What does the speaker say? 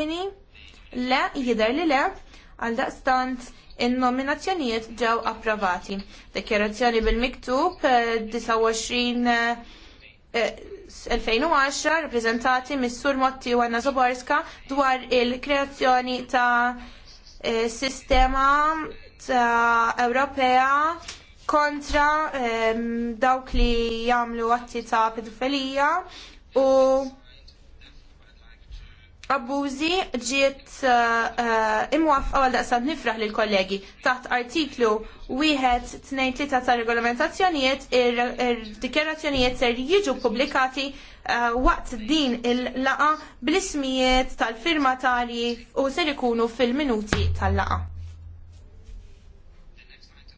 Kini? Le, jider li le, għal daqstant il-nominazzjonijiet ġew approvati. Dekjerazzjoni bil-miktub 29-2010 eh, eh, rappresentati mis-Sur Motti u Anna Zoborska dwar il-kreazzjoni ta' eh, sistema ta' Ewropea kontra ehm, dawk li jamlu atti ta' pedofilija u abbużi ġiet eh, eh, imwaffaq għal daqsan nifraħ lil kollegi taħt artiklu wieħed 2 3 ta' regolamentazzjonijiet ir-dikjerazzjonijiet ser jiġu publikati eh, waqt din il-laqa bl-ismijiet tal-firmatarji u ser ikunu fil-minuti tal-laqa.